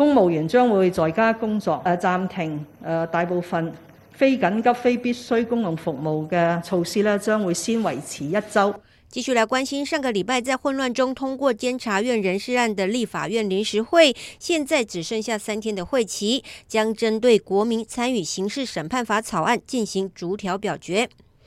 公務員將會在家工作，誒、呃、暫停，誒、呃、大部分非緊急、非必須公共服務嘅措施呢，將會先維持一週。繼續來關心，上個禮拜在混亂中通過監察院人事案的立法院臨時會，現在只剩下三天的會期，將針對《國民參與刑事審判法》草案進行逐條表決。